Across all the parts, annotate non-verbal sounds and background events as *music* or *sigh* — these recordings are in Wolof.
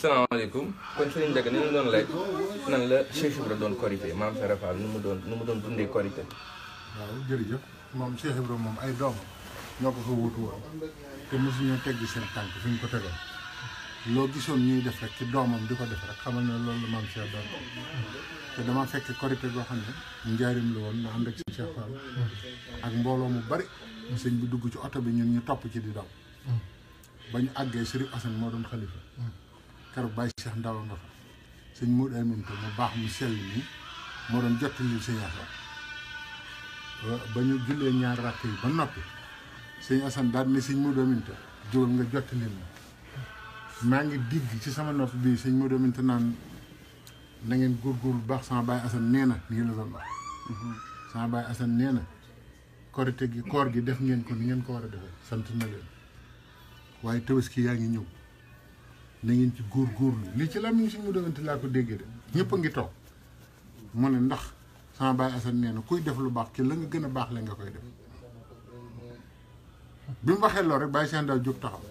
salaamaaleykum kon Serigne Ndiaga ni doon laaj nan la Cheikh Ibra doon korité maam Sara doon nu mu doon dundee korité moom moom ay doom ñoo ko fa wutu woon te mosuñoo teggi seen tànk fi ñu ko tegoon loo gisoon ñuy def rek ci doomam di ko def rek xamal na loolu la maam Cheikh doon te dama fekk korité boo xam ne njaarim la woon nga ànd ak si ak mbooloo mu bari sëñ bi dugg ci oto bi ñun ñu topp ci di daw mm. ba ñu àggee Serigne Assane moo doon xalifa mm. keroog Baye Cheikh Ndaw nga fa sëñ Modou Aminta mu baax mu sell nii moo doon jottali sëñ Assane ba ñu jullee ñaar rakk yi ba noppi sëñ Assane daal ne sëñ Modou Aminta jógal nga jottali ma ngi digg ci sama nopp bii sëñ Modou Aminta naan na ngeen góorgóorlu baax sama Baye Assane nee na nii la doon wax sama Baye Assane nee na korite gi koor gi def ngeen ko ni ngeen ko war a defee sant na leen waaye tabaski yaa ngi ñëw na ngeen ci góorgóorlu lii ci làmmiñ suñu mu dëggante laa ko déggee de ñëpp ngi toog mu ne ndax sama baay Assane nee na kuy def lu baax ci la nga gën a baax la nga koy def bi mu waxee loolu rek bàyyi seen daal jóg taxaw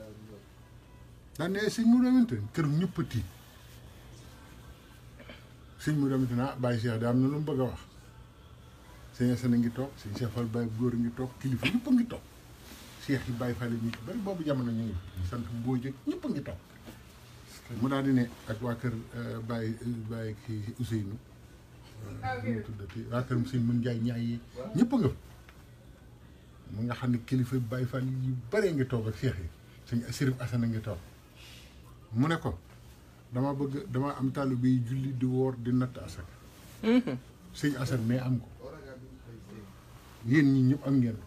daan ne mu dëggante kër ñëpp a tiit suñ mu dëggante naa ah, bàyyi seen daal am na lu mu bëgg a wax sëñ Assane ngi toog sëñ Cheikhal Baye góor ngi toog kilifa ñëpp a ngi toog seex yi Baye Fall ñu ci bari boobu jamono ñu ngi sant boo jëg ñëpp ngi toog mu daal di ne ak waa kër euh, Baye euh, Baye kii Ousseynou euh, mu tuddati waa kër Ousseynou mën jaay ñaay yi ñëpp nga fa nga xam ne kilifa Baye Fall yu bëree ngi toog ak seex yi suñu Sërif Asana ngi toog mu ne ko dama bëgg dama am taalibe bi julli di woor di natt asak mhm. sëñ asan mais am ko yéen ñi ñëpp am ngeen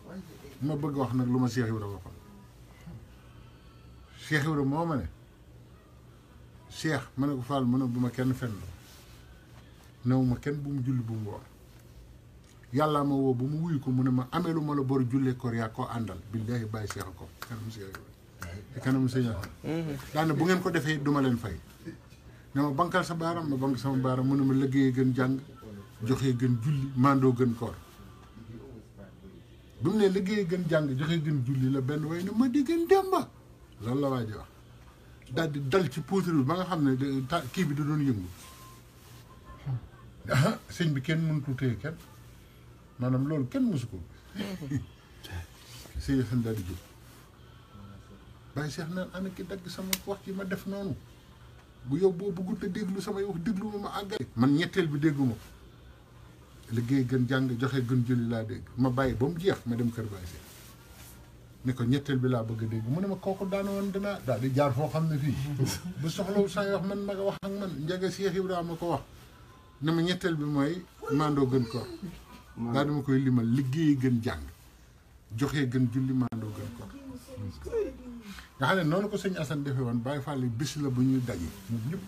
ma bëgg wax nag lu ma Seex Ibra waxoon Seex Ibra moo ma ne cheikh ma ne ko Fall ma na bu ma kenn fenn new ma kenn bu mu julli bu mu yàllaa ma woo bu mu wuyu ko mu ne ma amee lu ma la bor jullee koor yaa ko àndal billaahi bàyyi seex ko kanam seex kanam seex mhm. bu ngeen ko defee duma leen fay ne ma bankal sa baaram ma bank sama baaram mu ne ma liggéeyee gën jàng joxee gën julli mandoo gën koor bi mu ne liggéeyee gën jàng joxee gën julli la benn way ne ma di gën dem loolu la waa ji wax daal di dal ci poudre bi ba nga xam ne kii bi da doon yëngu ah bi kenn mënut a téye kenn maanaam loolu kenn mësu ko *laughs* sëñ Xasan daal di jóg bàyyi seex naan ana ki dagg sama wax ci ma def noonu bu yow boo bëggut a déglu samay wax déglu ma ma àggale man ñetteel bi déggu ma liggéey gën jàng joxe gën julli laa dégg ma bàyyi ba mu jeex ma dem kër bàyyi ne ko ñetteel bi laa bëgg a dégg mu ne ma kooku daan woon dinaa daal di jaar foo xam ne fii *laughs* bu soxlawu saa wax man ma wax ak man njege Cheikh Ibrahima ko wax ne ma ñetteel bi mooy mandoo gën koor daa koy limal liggéey gën jàng gën julli mandoo gën koor nga xam ne noonu ko sëñ Assane defee woon Baye Fall bis la bu ñuy daje ñoom ñëpp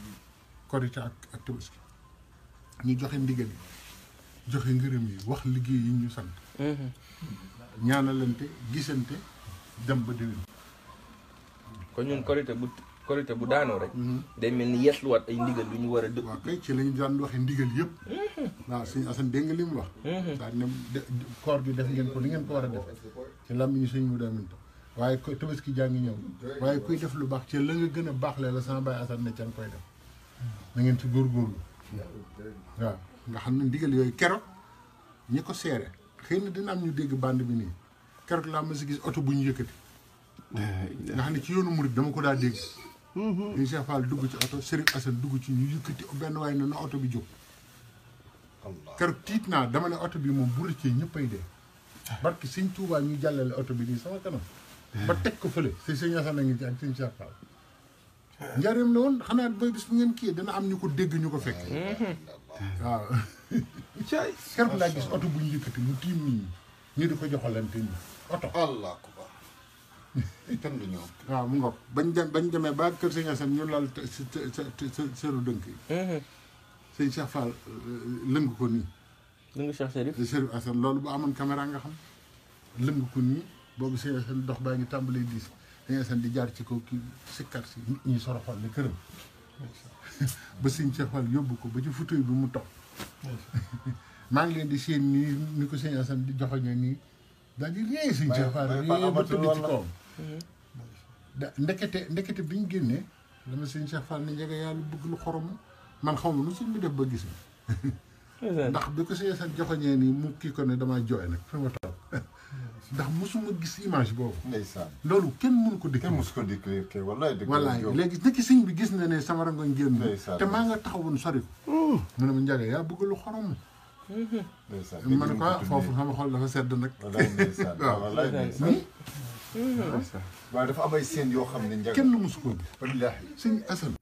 korite ak ak ñu joxe ndigal joxe ngërëm yi wax liggéey yi ñu sant mm-hmm. ñaanalante gisante dem ba déwén. kon ñun korité bu korité bu daanoo rek. Mhm. day mel ni yeesluwaat ay ndigal yu ñu war a dëpp. waaw ci la ñu daan waxee ndigal yëpp. Mhm. waaw suñu asan dégg li mu wax. Mhm. daal ne koor gi def ngeen ko li ngeen ko war a defee ci lam yi suñ mu demin waaye koy tabaski jaa jàngi ñëw waaye kuy def lu baax ci la nga gën a baax la sama baay asan ne can koy def na ngeen ci góorgóorlu waaw nga xam ne ndigal yooyu kero ñi ko seere xëy na dina am ñu dégg bande bi nii. keroog laa mës a gis oto bu ñu yëkkati. nga xam ne ci yoonu murit dama ko daa dégg. ñu mm-hmm. Cheikh Fall dugg ci oto Serigne Assane dugg ci ñu yëkkati benn waaye na na oto bi jóg. keroog tiit naa dama ne oto bi moom bu rëccee ñëppay dee. Ah. barke sëñ Touba ñu jàllale oto bi nii sama kanam. Eh. ba teg ko fële si sëñ Assane a ngi ci ak sëñ Cheikh Fall. Eh. njaareem la woon xanaa booy bis bu ngeen kii dana am ñu ko dégg ñu ko fekk. waaw. keroog laa gis oto bu ñu yëkkati mu tiim ñu di ko joxalante ñu oto. allah akbar. kenn *laughs* du ñëw. waaw mu ngoog bañ dem bañ demee ba kër Sëñ Assane ñu lal si sa sa dënk yi. Mhm. sëñ Cheikh Fall euh, lëng ko nii. lëng Cheikh Chérif. Chérif Assane loolu bu amoon caméra nga xam lëng ko nii boobu Sëñ Assane dox baa ngi tàmbalee diis Sëñ di jaar ci kaw kii sikkar si nit ñi soroxoon ne këram. *laughs* ba sëñ yóbbu ko ba ci fauteuil bi mu toog. *laughs* maa leen di séen nii ni ko sëñ Assane di joxoño nii daal di réer sëñ Cheikh Fall réer ba tëdd ci kawam hmm. da ndekete ndekete bi ñu génnee dama sëñ Cheikh Fall ni njege yàlla bëgg lu xorom man xaw ma lu sëñ bi def ba gis ma ndax bi ko sëñ Assane joxoñee nii mu kii ko ne damaa jooy nag fi ma toog ndax mosuma gis image boobu ndeysaan loolu kenn mënu ko dikk mos ko dikk wallaay wallaay léegi nekki sëñ bi gis na ne sama rangoñ génn te maa nga taxawoon sori ko hmm. mu ne ma njege yaa bëgg lu xorom ma ne ko foofu xam nga xool dafa sedd nag. walaay ndeysaan waaw dafa am ay seen yoo xam ne. njëriñ kenn musu ko bi. wallaahi sëñ Assane.